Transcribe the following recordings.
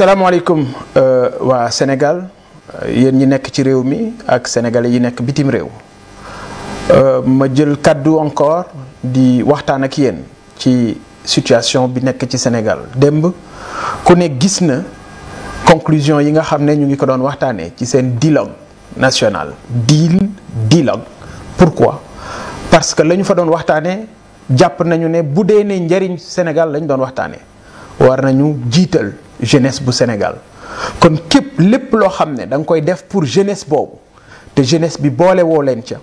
asalaamaaleykum euh, waa Sénégal euh, yéen ñi nekk ci réew mi ak sénégalais yi nekk bitim réew euh, ma jël kàddu encore di waxtaan ak yéen ci situation bi nekk ci Sénégal démb ku ne gis na conclusion yi nga xam ne ñu ngi ko doon waxtaanee ci seen dialogue national deal dialogue pourquoi parce que lañu fa doon waxtaanee jàpp nañu ne bu dee ne njëriñ Sénégal lañ doon waxtaanee war nañu jiital. jeunesse bu Sénégal kon képp lépp loo xam ne da nga koy def pour jeunesse boobu te jeunesse bi boole woo leen ca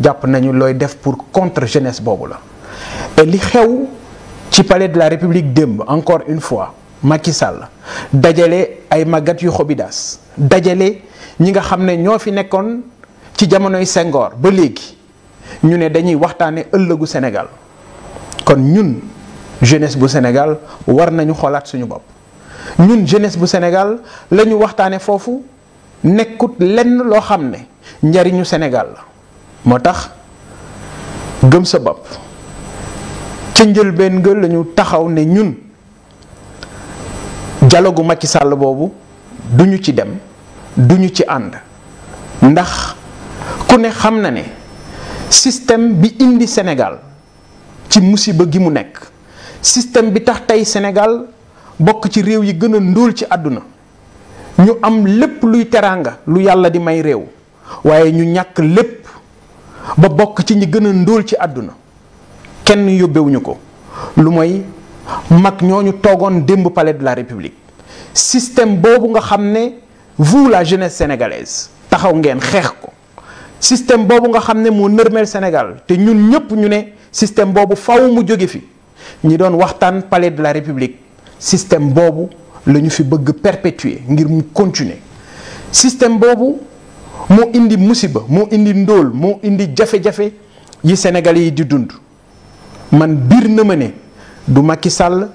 jàpp nañu looy def pour contre jeunesse boobu la te li xew ci palais de la république démb encore une fois Macky Sall dajale ay màggat yu xobidaas dajale ñi nga xam ne ñoo fi nekkoon ci jamonoy Senghor ba léegi ñu ne dañuy waxtaane ëllëgu Sénégal kon ñun jeunesse bu Sénégal war nañu xoolaat suñu bopp ñun jeunesse bu senegal lañu ñu waxtaane foofu nekkut lenn loo xam ne njariñu senegal la moo tax gëm sa bopp ca njëlbeen nga lañu taxaw ne ñun dialogu Macky sàll boobu duñu ci dem duñu ci ànd ndax ku ne xam na ne système bi indi senegal ci musiba gi mu nekk système bi tax tey senegal bokk ci réew yi gën a ndóol ci àdduna ñu am lépp luy teraanga lu yàlla di may réew waaye ñu ñàkk lépp ba bokk ci ñi gën a ndóol ci àdduna kenn yóbbewuñu ko lu mooy mag ñoo ñu toogoon démb palais de la république système boobu nga xam ne vous la jeunesse sénégalaise taxaw ngeen xeex ko système boobu nga xam ne moo nërmeel Sénégal te ñun ñëpp ñu ne système boobu faw mu jóge fi ñi doon waxtaan palais de la république système boobu la ñu fi bëgg perpétuer ngir mu continuer système boobu moo indi musiba moo indi ndóol moo indi jafe-jafe yi Sénégalais yi di dund man biir na ma ne du Macky sàll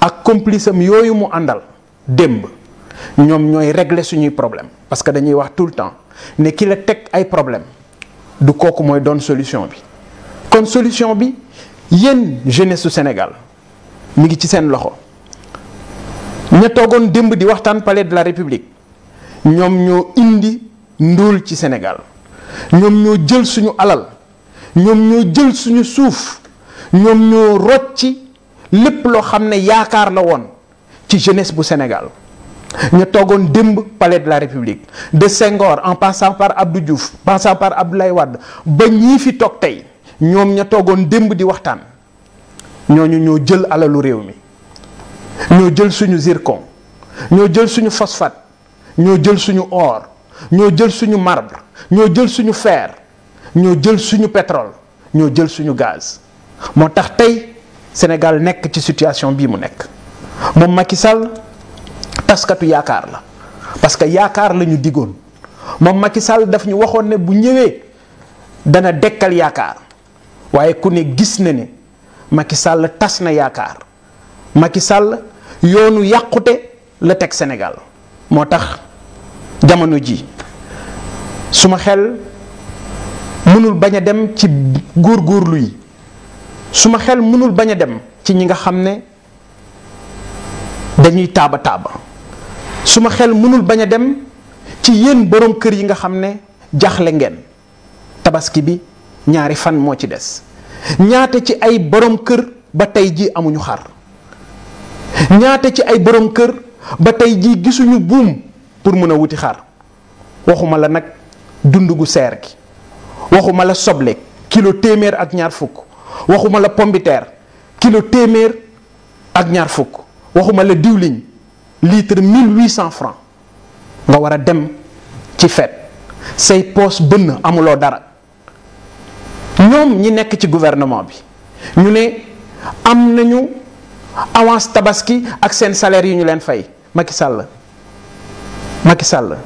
ak complice am yooyu mu àndal démb ñoom ñooy régler suñuy problème parce que dañuy wax tout le temps ne ki la teg ay problème du kooku mooy doon solution bi kon solution bi yéen jeunesse su Sénégal mu ngi ci seen loxo ña toogoon démb di waxtaan palais de la république ñoom ñoo indi ndóol ci Sénégal ñoom ñoo jël suñu alal ñoom ñoo jël suñu suuf ñoom ñoo rocci lépp loo xam ne yaakaar la woon ci jeunesse bu Sénégal ña toogoon démb palais de la République de Senghor en passant par Abdou Diouf passant par Abdoulaye Wade ba ñii fi toog tey ñoom ña toogoon démb di waxtaan ñooñu ñoo jël alalu réew mi. ñoo jël suñu zircon ñoo jël suñu phosphate ñoo jël suñu or ñoo jël suñu marbre ñoo jël suñu fer ñoo jël suñu pétrole ñoo jël suñu gaz moo tax tey Sénégal nekk ci situation bii mu nekk moom Macky Sall taskatu yaakaar la parce que yaakaar lañu ñu moom Macky Sall daf ñu waxoon ne bu ñëwee dana dekkal yaakaar waaye ku ne gis na ne Macky Sall tas na yaakaar Macky Sall yoonu yàqute la teg senegal moo tax jamono ji suma xel mënul bañ a dem ci góorgóorlu yi suma xel mënul bañ a dem ci ñi nga xam ne dañuy taaba taaba suma xel mënul bañ a dem ci yéen borom kër yi nga xam ne jaxle ngeen tabaski bi ñaari fan moo ci des ñaata ci ay borom kër ba tey ji amuñu xar ñaata ci ay borom kër ba tey jii gisuñu buum pour mën a wuti xar waxuma la nag dund gu seer gi waxuma la soble kilo téeméer ak ñaar fukk waxuma la pombiteer kilo téeméer ak ñaar fukk waxuma la diwliñ litre mille huit cent francs nga war a dem ci fet say poos bënn amuloo dara ñoom ñi nekk ci gouvernement bi ñu ne am nañu avance tabaski ak seen salaire yi ñu leen fay Macky Sall Macky Sall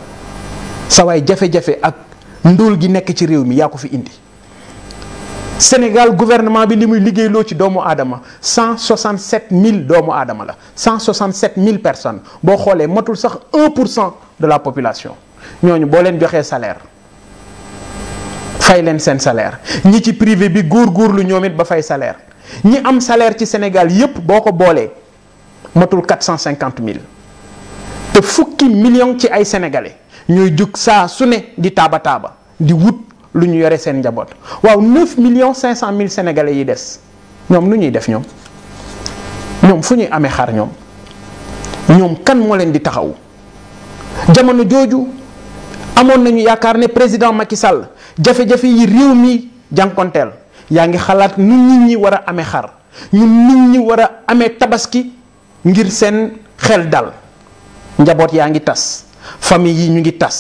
sa waay jafe-jafe ak ndóol gi nekk ci réew mi yaa ko fi indi Sénégal gouvernement bi li muy liggéeyloo ci doomu aadama mille doomu aadama la mille personnes boo xoolee matul sax 1 pour cent de la population ñooñu boo leen joxee salaire fay leen seen salaire ñi ci privé bi góor góor lu ñoomit ba fay salaire. ñi am salaire ci Sénégal yépp boo ko boolee matul quatre cent cinquante mille te fukki million ci ay sénégalais ñooy jug saa su ne di taaba taaba di wut lu ñu yore seen njaboot waaw neuf millions cinq cent mille sénégalais yi des ñoom nu ñuy def ñoom ñoom fu ñuy amee xar ñoom ñoom kan moo leen di taxaw jamono jooju amoon nañu yaakaar ne président Macky Sall jafe-jafe yi réew mi jànkonteel yaa ngi xalaat nu nit ñi war a amee xar ñu nit ñi war a amee tabaski ngir seen xel dal njaboot yaa ngi tas famille yi ñu ngi tas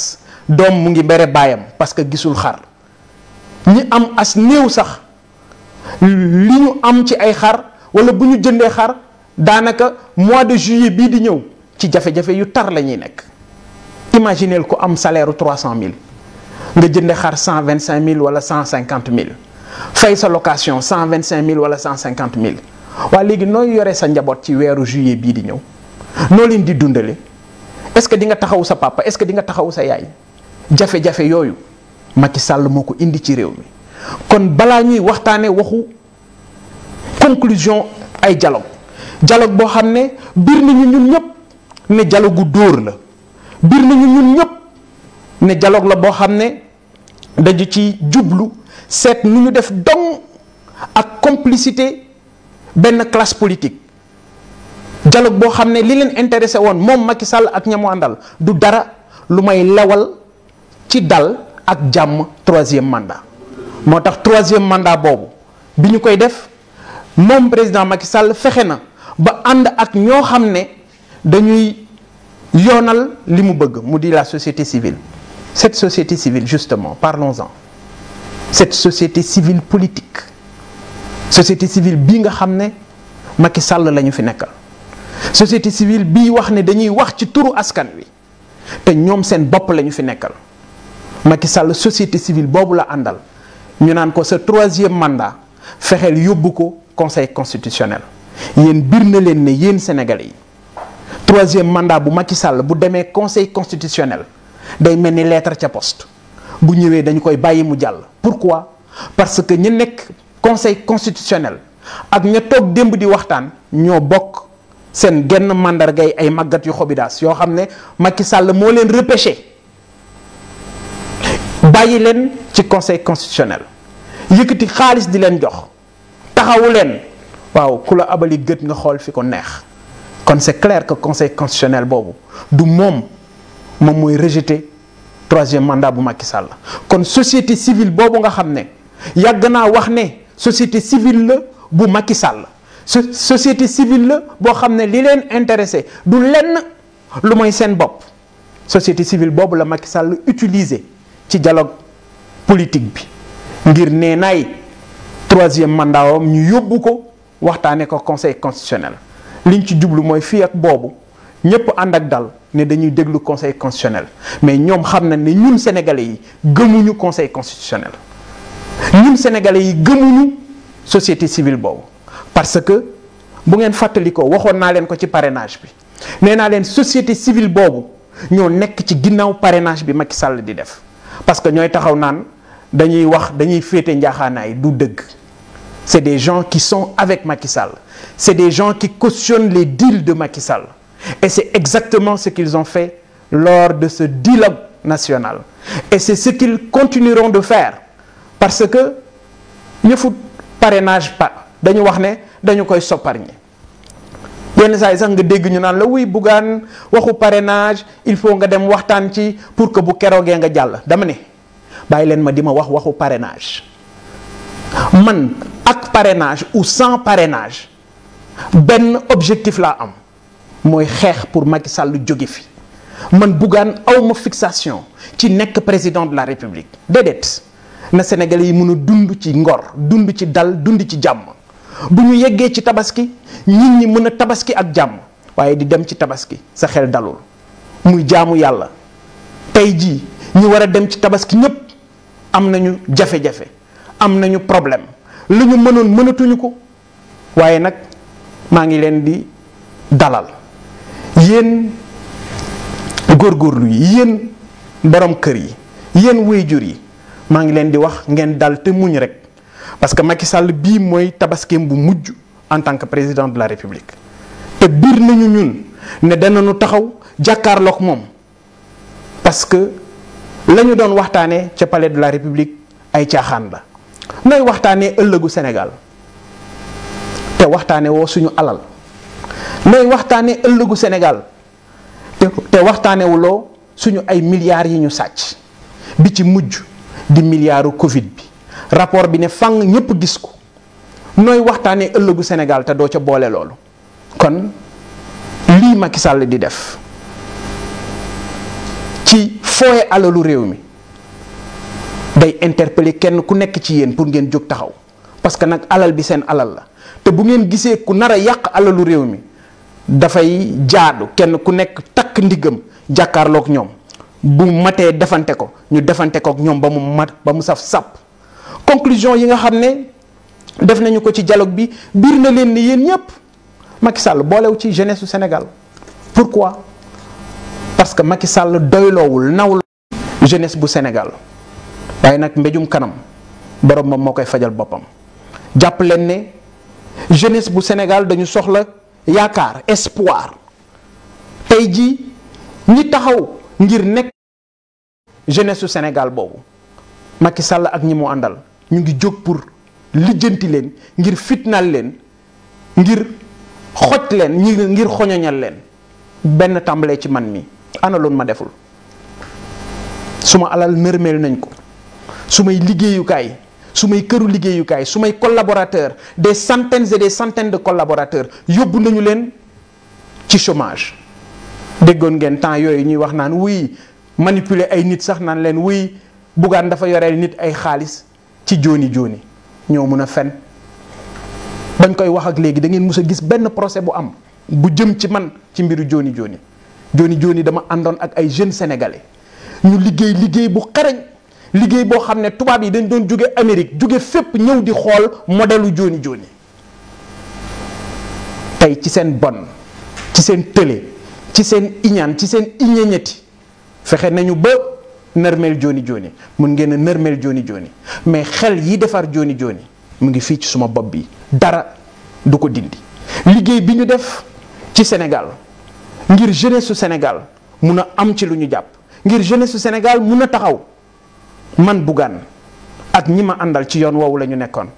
doom mu ngi mbere baayam parce que gisul xar ñi am as néew sax li ñu am ci ay xar wala bu ñu jëndee xar daanaka mois de juillet bii di ñëw ci jafe-jafe yu tar la ñuy nekk imagineel ku am salaire cent 300000 nga jënde xar 125000 wala mille fay sa location cent vingt cinq mille wala cent cinquante mille waaye léegi nooy yore sa njaboot ci weeru juillet bii di ñëw noo leen di dundale est-ce que di nga taxawu sa papa est-ce que di nga taxawu sa yaay jafe-jafe yooyu Macky Sall moo ko indi ci réew mi kon balaa ñuy waxtaanee waxu conclusion ay dialogue dialogue boo xam ne biir nañu ñun ñëpp ne dialogue gu dóor la biir nañu ñun ñëpp ne jaloog la boo xam ne daju ci jublu. seet nu ñu def dong ak complicité benn classe politique dialogue boo xam ne li leen intéressé woon moom Macky Sall ak ñam àndal du dara lu may lewal ci dal ak jàmm troisième mandat moo tax troisième mandat boobu bi ñu koy def moom président Macky Sall fexe na ba ànd ak ñoo xam ne dañuy yoonal li mu bëgg mu di la société civile cette société civile justement parlons-en cette société civile politique société civile bii nga xam ne Macky Sall la ñu fi nekkal société civile bii wax ne dañuy wax ci turu askan wi te ñoom seen bopp la ñu fi nekkal Macky Sall société civile boobu la àndal ñu naan ko sa troisième mandat fexeel yóbbu ko conseil constitutionnel yéen bir na leen ne yéen sénégal yi troisième mandat bu Macky Sall bu demee conseil constitutionnel day mel ni lettre ca post bu ñëwee dañu koy bàyyi mu jàll pourquoi parce que ñu nekk conseil constitutionnel ak ña toog démb di waxtaan ñoo bokk seen genn màndargay ay màggat yu xobidaas yoo xam ne makki sàll moo leen repêché bàyyi leen ci conseil constitutionnel yëkkati xaalis di leen jox taxawu leen waaw ku la abali gët nga xool fi ko neex kon c'est clair que conseil constitutionnel boobu du moom moom mooy rejeté troisième mandat bu Macky Sall kon société civile boobu nga xam ne yàgg naa wax ne société civile la bu Macky Sall société civile la boo xam ne li leen intéressé du lenn lu mooy seen bopp société civile boobu la Macky Sall utiliser ci dialogue politique bi ngir nee naay troisième mandat wam ñu yóbbu ko waxtaanee ko conseil constitutionnel liñ ci jublu mooy fii ak boobu ñépp ànd ak dal ne dañuy déglu conseil constitutionnel mais ñoom xam na ne ñun sénégalais yi gëmuñu conseil constitutionnel ñun sénégalais yi gëmuñu société civile boobu parce que bu ngeen fàttalikoo waxoon naa leen ko ci parrainage bi nee naa leen société civile boobu ñoo nekk ci ginnaaw parrainage bi Macky Sall di def parce que ñooy taxaw naan dañuy wax dañuy féete njaaxaanaay du dëgg c'est des gens qui sont avec Macky Sall c'est des gens qui cautionnent les deals de Macky Sall Et c'est exactement ce qu'ils ont fait lors de ce dialogue national. Et c'est ce qu'ils continueront de faire parce que yëfu parrainage pa dañu wax ne dañu koy sopparñi yenn saa yi sax nga dégg ñu naan la wuy buggaan waxu parrainage il faut nga dem waxtaan ci pour que bu keroogee nga jàll dama ne bàyyi leen ma di ma wax waxu parrainage man ak parrainage ou sans parrainage benn objectif laa am mooy xeex pour Macky Sall jóge fi man Bougane awma fixation ci nekk président de la république déedéet na sénégal yi mën a dund ci ngor dund ci dal dund ci jàmm bu ñu yeggee ci tabaski nit ñi mën a tabaski ak jàmm waaye di dem ci tabaski sa xel dalul muy jaamu yàlla tey jii ñi war a dem ci tabaski ñépp am nañu jafe-jafe am nañu problème lu ñu mënoon mënatuñu ko waaye nag maa ngi leen di dalal yéen góorgóorlu yi yéen borom kër yi yéen wéyjur yi maa ngi leen di wax ngeen dal te muñ rek parce que Macky sàll bii mooy tabaskeem bu mujj en tant que président de la république te biir nañu ñun ne nu taxaw jàkkaarloog moom parce que la doon waxtaanee ca palais de la république ay caaxaan la nooy waxtaanee ëllëgu Sénégal te waxtaanee woo suñu alal. nay waxtaane ëllëgu senegal te te waxtaanewuloo suñu ay milliards yi ñu sàcc bi ci mujj di milliardu Covid bi rapport bi ne fànn ñëpp gis ko nooy waxtaanee ëllëgu senegal te doo ca boole loolu kon lii Macky sàll di def ci fooye alalu réew mi day interpeller kenn ku nekk ci yéen pour ngeen jóg taxaw parce que nag alal bi seen alal la te bu ngeen gisee ku nar a yàq alalu réew mi dafay jaadu kenn ku nekk takk ndiggam jàkkaarlook ñoom bu matee defante ko ñu defante ko ak ñoom ba mu mat ba mu saf sàpp conclusion yi nga xam ne def nañu ko ci jaloog bi biir na leen ni yéen ñëpp Macky Sall boolew ci jeunesse su Sénégal pourquoi parce que Macky sàll doyloowul nawul jeunesse bu Sénégal waaye nag mbejum kanam borom moom moo koy fajal boppam jàpp leen ne jeunesse bu Sénégal dañu soxla. yaakaar espoir tey jii ñi taxaw ngir nekk jeunesse su Sénégal boobu Macky sàll ak ñi mu àndal ñu ngi jóg pour lijjanti leen ngir fitnaal leen ngir xoj leen ngir ngir xoñoñal leen benn tàmbalee ci man mi ana ma deful suma alal nërmeel nañ ko sumay liggéeyukaay. su may këru liggéeyukaay su may collaborateurs des centaines et des centaines de collaborateurs yóbbu nañu leen ci chômage déggoon ngeen temps yooyu ñuy wax naan wuy manipuler ay nit sax naan leen wuy buggaan dafa yore nit ay xaalis ci jooni jooni ñoo mun a fen bañ koy wax ak léegi da ngeen mus a gis benn procès bu am bu jëm ci man ci mbiru jooni jooni jooni jooni dama àndoon ak ay jeune sénégalais ñu liggéey liggéey bu xarañ liggéey boo xam ne tubaab yi dañ doon jóge Amérique jóge fépp ñëw di xool modelu jooni jooni tey ci seen bon ci seen tële ci seen iñaan ci seen iñeñeti fexe nañu ba nërmeel jooni jooni mun ngeen a nërmeel jooni jooni mais xel yi defar jooni jooni mu ngi fii ci suma bopp bi dara du ko dindi liggéey bi ñu def ci Sénégal ngir jeunesse su Sénégal mun a am ci lu ñu jàpp ngir jeunesse su Sénégal mun a taxaw man Bougane ak ñi ma àndal ci yoon woowu la ñu nekkoon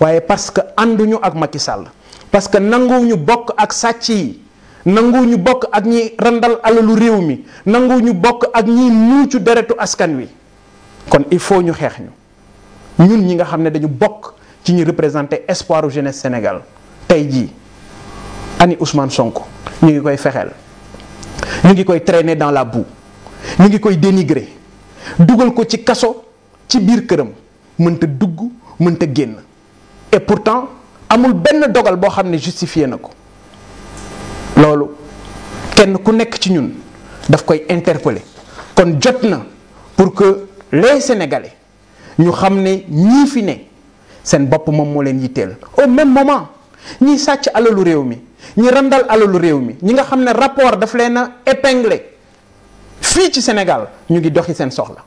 waaye parce que ànduñu ak Macky sàll parce que ñu bokk ak sàcc yi ñu bokk ak ñi randal alalu réew mi ñu bokk ak ñi muucu deretu askan wi kon il faut ñu xeex ñu ñun ñi nga xam ne dañu bokk ci ñu représenter espoiru jeunesse Sénégal tey jii ani Ousmane Sonko ñu ngi koy fexeel ñu ngi koy trainer dans la boue ñu ngi koy dénigrer. dugal ko ci kaso ci biir këram mënta dugg mënta génn et pourtant amul benn dogal boo xam ne justifié na ko loolu kenn ku nekk ci ñun daf koy interpeller kon jot na pour que les sénégalais ñu xam ne ñii fi ne seen bopp moom moo leen yitteel au même moment ñiy sàcc alalu réew mi ñi randal alalu réew mi ñi nga xam ne rapport daf leen a épinglé fii ci Sénégal ñu ngi doxi seen soxla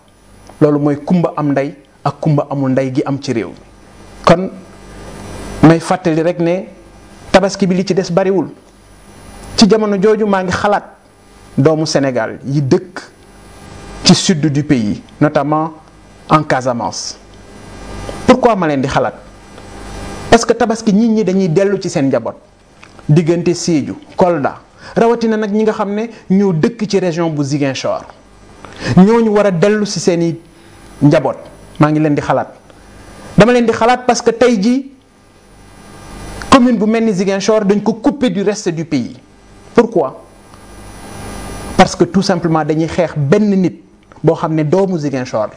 loolu mooy kumba am ndey ak kumba amul ndey gi am ci réew mi kon may fàttali rek ne tabaski bi li ci des bariwul ci jamono jooju maa ngi xalaat doomu Sénégal yi dëkk ci sud du pays notamment en Casamance pourquoi ma leen di xalaat parce que tabaski nit ñi dañuy dellu ci seen njaboot diggante Sédhiou Kolda rawatina nag ñi nga xam ne ñoo dëkk ci région bu ñoo ñu war a dellu si seen i njaboot maa ngi leen di xalaat dama leen di xalaat parce que tey jii commune bu mel ni Ziguinchor dañ ko couper du reste du pays pourquoi parce que tout simplement dañuy xeex benn nit boo xam ne doomu Ziguinchor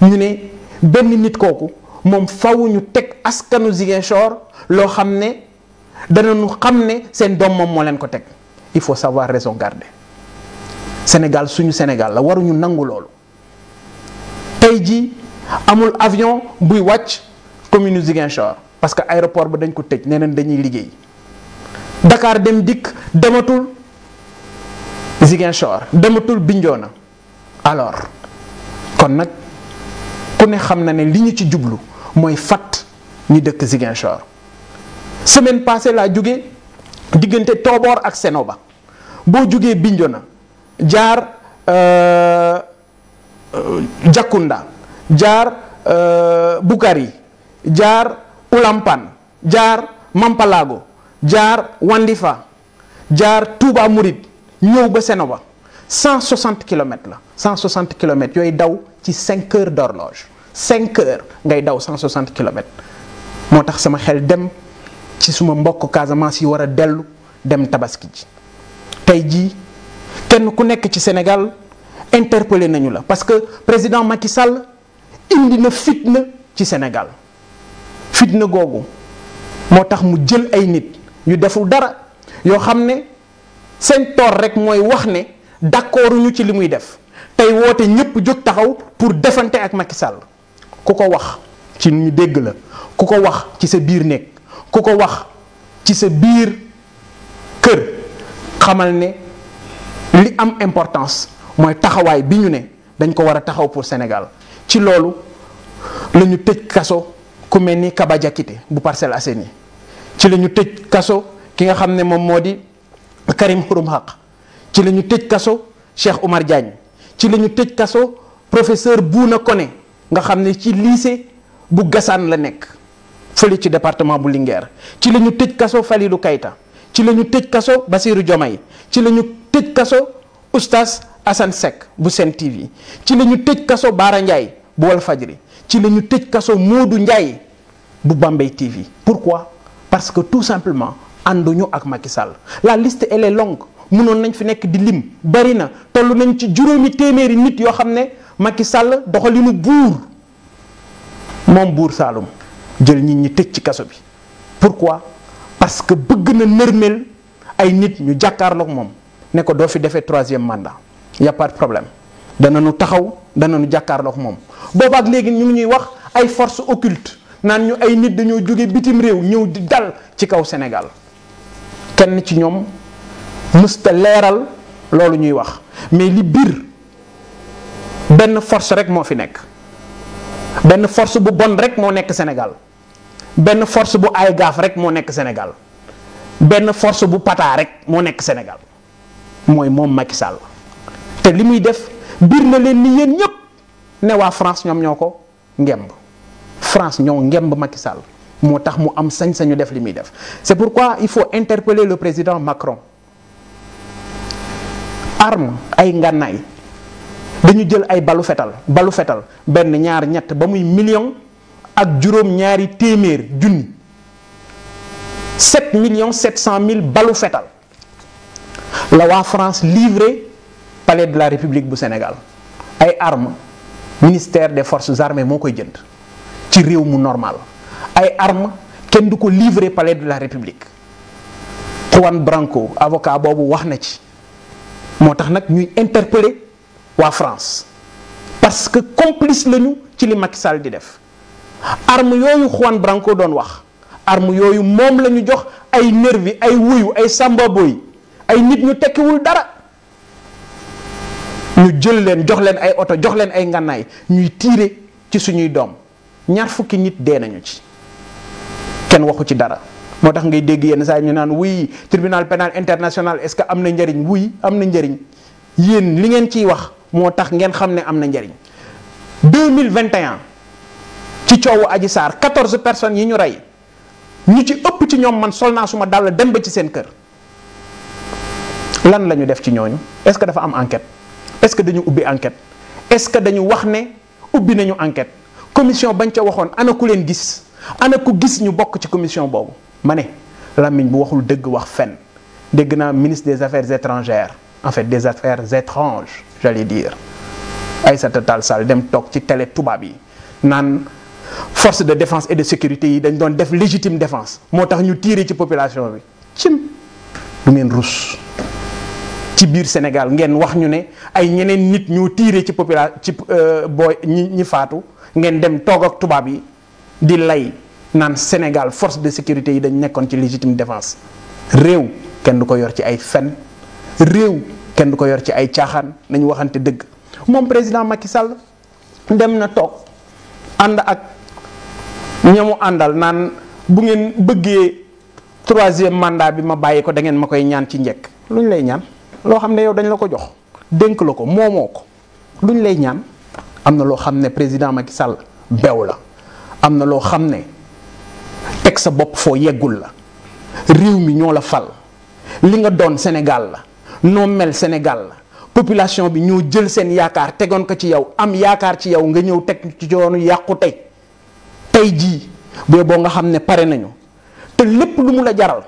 la ñu ne benn nit kooku moom fawuñu teg askanu Ziguinchor loo xam ne danañu xam ne seen doom moom moo leen ko teg il faut savoir raison garder Sénégal suñu Sénégal la waruñu nangu loolu tey jii amul avion buy wàcc commune Ziguinchor parce que aéroport ba dañ ko tëj neneen dañuy liggéey ndakaar dem dikk dematul Ziguinchor dematul binjoo na alors kon nag ku ne xam na ne li ñu ci jublu mooy fat ñu dëkk Ziguinchor semaine passée laa jóge diggante Tooboor ak seno ba boo jógee jugee na jaar euh, Jakunda jaar euh, Bukari jaar Ulampan jaar Mampalago jaar Wandifa jaar Touba Mouride ñëw ba Senoba 160 kilomètres la 160 kilomètres yooyu daw ci 5 heures d'horloge 5 ngay daw 160 kilomètres moo tax sama xel dem. ci suma mbokk Casamance yi war a dellu dem tabaski ji tey jii kenn ku nekk ci Sénégal interpellé nañu la parce que président Macky Sall indi na fitna ci Sénégal fitna googu moo tax mu jël ay nit yu deful dara yoo xam ne seen toor rek mooy wax ne d'accorduñu ci li muy def tey woote ñëpp jóg taxaw pour defante ak Macky Sall ku ko wax ci ñu dégg la ku ko wax ci sa biir nekk ku ko wax ci sa biir kër xamal ne li am importance mooy taxawaay bi ñu ne dañ ko war a taxaw pour Sénégal ci loolu la tëj kaso ku mel ni Kaba bu bu Parcelles Assainies ci la ñu tëj kaso ki nga xam ne moom moo di Karim Xurum Xaq ci la ñu tëj kaso Cheikh Oumar Diagne ci la ñu tëj kaso professeur Bouna kone nga xam ne ci lycée bu Gassane la nekk fële ci département bu Linguère ci la ñu tëj kaso Falilou kayta ci lañu tëj kaso Bassirou Diomaye ci lañu tëj kaso Oustaz Assane bu Sen TV ci la ñu tëj kaso Baara Ndiaye bu Walfadjri ci lañu tëj kaso Modou Ndiaye bu Bambey TV pourquoi parce que tout simplement ànduñu ak Macky Sall la liste elle est longue mënoon nañ fi nekk di lim bari na toll nañ ci juróomi téeméeri nit yoo xam ne Macky Sall doxalinu buur moom buur Saalum jël nit ñi tëj ci kaso bi pourquoi parce que bëgg na nërmeel ay nit ñu jàkkaarlook moom ne ko doo fi defee troisième mandat y pas de problème danañu taxaw danañu jàkkaarlook moom boobaak léegi ñu ngi ñuy wax ay force occulte naan ñu ay nit dañoo jóge bitim réew ñëw di dal ci kaw Sénégal kenn ci ñoom mësta leeral loolu ñuy wax mais li biir benn force rek moo fi nekk benn force bu bon rek moo nekk Sénégal benn force bu ay gaf rek moo nekk Sénégal benn force bu pataa rek moo nekk Sénégal mooy moom Macky Sall te li muy def biir na leen ni yéen ñëpp ne waa France ñoom ñoo ko ngemb France ñoo ngemb Macky Sall moo tax mu am sañ-sañu def li muy def c'est pourquoi il faut interpeller le président Macron arme ay ngànnaay dañu jël ay balu fetal balu fetal benn ñaar ñett ba muy million ak juróom ñaari téeméer junni sept millions sept cent mille balu fetal la waa France livré palais de la République bu Sénégal ay armes ministère des forces armées moo koy jënd ci réew mu normal ay armes kenn du ko livré palais de la République Juan Branco avocat boobu wax na ci moo tax nag ñuy interpeller waa France parce que complice lañu ci li Macky Sall di def arme yooyu Juan Branco doon wax arme yooyu moom lañu jox ay nervi ay wuyu ay sambaboy ay nit ñu tekkiwul dara ñu jël leen jox leen ay oto jox leen ay ngànnaay ñuy tiire ci suñuy doom ñaar fukki nit dee nañu ci kenn waxu ci dara moo tax ngay dégg yenn saa ñu naan wuy tribunal pénal international est-ce que am na njariñ wuy am na njariñ yéen li ngeen ciy wax moo tax ngeen xam ne am na njariñ 2021 ci coowu Adji Sarr 14 personnes yi ñu rey ñu ci ëpp ci ñoom man sol naa suma dàll dem ba ci seen kër lan la ñu def ci ñooñu est-ce que dafa am enquête est-ce que dañu ubbi enquête est-ce que dañu wax ne ubbi nañu enquête commission bañ ca waxoon ana ku leen gis ana ku gis ñu bokk ci commission boobu ma ne làmmiñ bu waxul dëgg wax fen dégg naa ministre des affaires étrangères en fait des affaires étranges j'allais dire Aïssata Tall Sall dem toog ci télé tubaab yi force de defence et de sécurité yi dañ doon def légitime défense moo tax ñu tiire ci population bi cim du ngeen rus ci biir Sénégal ngeen wax ñu ne ay ñeneen nit ñu tiiree ci popula ci euh, booy ñi ñi faatu ngeen dem toog ak tubaab yi di lay naan Sénégal force de sécurité yi dañ nekkoon ci légitime défense réew kenn du ko yor ci ay fen réew kenn du ko yor ci ay caaxaan dañu waxante dëgg moom président Macky Sall dem na toog ànd ak. ñamu àndal naan bu ngeen bëggee troisième mandat bi ma bàyyi ko da ngeen ma koy ñaan ci njekk lu ñu lay ñaan loo xam ne yow dañ la ko jox dénk la ko moomoo ko lu ñu lay ñaan am na loo xam ne président Macky Sall bew la am na loo xam ne teg sa bopp foo yeggul la réew mi ñoo la fal li nga doon Sénégal la noo mel Sénégal la population bi ñoo jël seen yaakaar tegoon ko ci yow am yaakaar ci yow nga ñëw teg ci yoonu yàqu tey tey jii booy boo nga xam ne pare nañu te lépp lu mu la jaral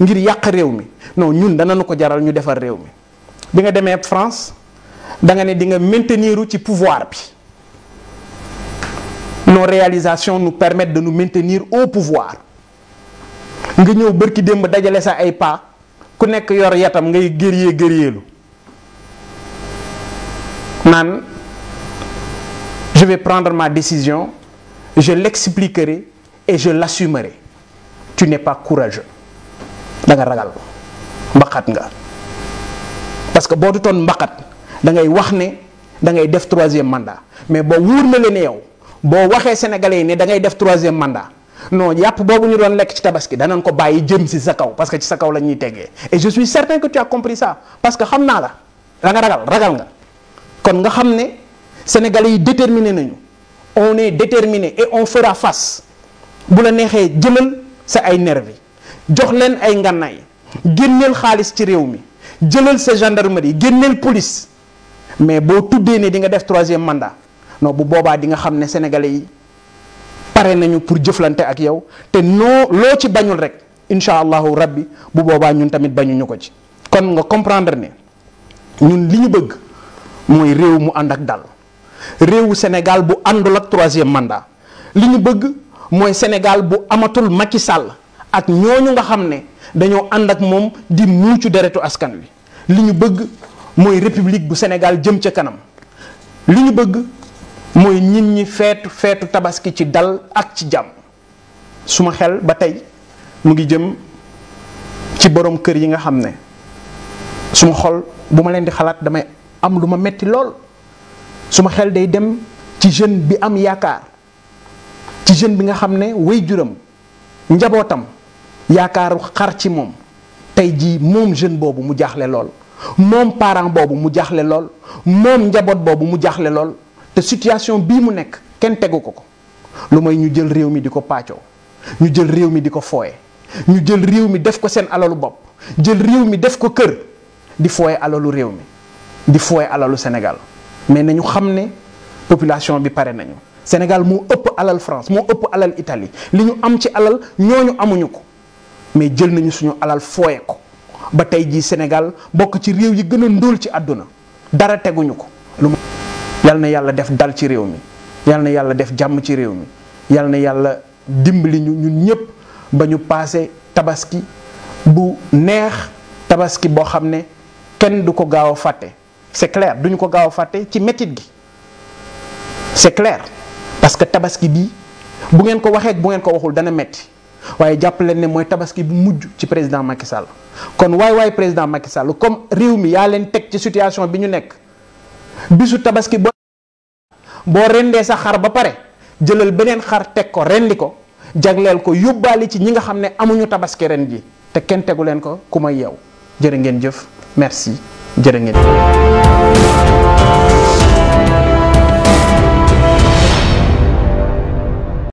ngir yàq réew mi non ñun danañu ko jaral ñu defar réew mi bi nga demee France da nga ne di nga maintenir ci pouvoir bi nos réalisation nous permettent danu nous maintenir au pouvoir nga ñëw bërki démb dajale sa ay pa ku nekk yor yatam ngay gëriyee gëriyeelu naan je vais prendre ma décision je l'expliquerai et je l'assumerai tu n'es pas courageux da nga ragal mbaxat nga parce que boo du toon mbaxat dangay wax ne da ngay def troisième mandat mais boo wóor na leen ne yow boo waxee sénégalais yi ne da ngay def troisième mandat non yàpp boobu ñu doon lekk ci tabaski danañ ko bàyyi jëm si sa kaw parce que ci sa kaw la ñuy teggee et je suis certain que tu as compris ça que xam naa la danga ragal ragal nga kon nga xam ne sénégalais yi déterminé nañu on est déterminé et on fera face bu la neexee jëlal sa ay nervi jox leen ay ngànnaay génneel xaalis ci réew mi jëlal sa gendarmerie génneel police mais boo tuddee ne di nga def troisième mandat non bu boobaa di nga xam ne sénégalais yi pare nañu pour jëflante ak yow te noo loo ci bañul rek incha allahu rabbi bu boobaa ñun tamit bañuñu ko ci kon nga comprendre ne ñun li ñu bëgg mooy réew mu ànd ak dal réewu Sénégal bu àndul ak troisième mandat li ñu bëgg mooy Sénégal bu amatul Macky Sall ak ñooñu nga xam ne dañoo ànd ak moom di muucu deretu askan wi li ñu bëgg mooy république bu Sénégal jëm ca kanam li ñu bëgg mooy nit ñi feetu feetu tabaski ci dal ak ci jàmm suma xel ba tey mu ngi jëm ci borom kër yi nga xam ne suma xol bu ma leen di xalaat damay am lu ma metti lool suma xel day dem ci jeune bi am yaakaar ci jeune bi nga xam ne waajuram njabootam yaakaaru xar ci moom tey jii moom jeune boobu mu jaaxle lool moom parent boobu mu jaaxle lool moom njaboot boobu mu jaaxle lool te situation bii mu nekk kenn tegu ko ko lu mooy ñu jël réew mi di ko paccoo ñu jël réew mi di ko fooye ñu jël réew mi def ko seen alalu bopp jël réew mi def ko kër di fooye alalu réew mi di fooye alalu Sénégal mais nañu xam ne population bi pare nañu Sénégal moo ëpp alal France moo ëpp alal Italie li ñu am ci alal ñooñu amuñu ko mais jël nañu suñu alal fooye ko ba tey jii Sénégal bokk ci réew yi gën a ndóol ci àdduna dara teguñu ko lu yal na yàlla def dal ci réew mi yal na yàlla def jàmm ci réew mi yal na yàlla dimbali ñu ñun ñépp ba ñu paase tabaski bu neex tabaski boo xam ne kenn du ko gaaw a fàtte c'est clair duñu ko gaaw a fàtte ci métit gi c'est clair parce que tabaski bii bu ngeen ko waxee bu ngeen ko waxul dana métti waaye jàpp leen ne mooy tabaski bu mujj ci président Macky Sall kon waay waaye président Macky Sall comme réew mi yaa leen teg ci situation bi ñu nekk bisu tabaski boo rendee sa xar ba pare jëlal beneen xar teg ko rendi ko jagleel ko yóbbaale ci ñi nga xam ne amuñu tabaski ren ji te kenn tegu leen ko ku may yow jërë ngeen jëf merci jërë ngeen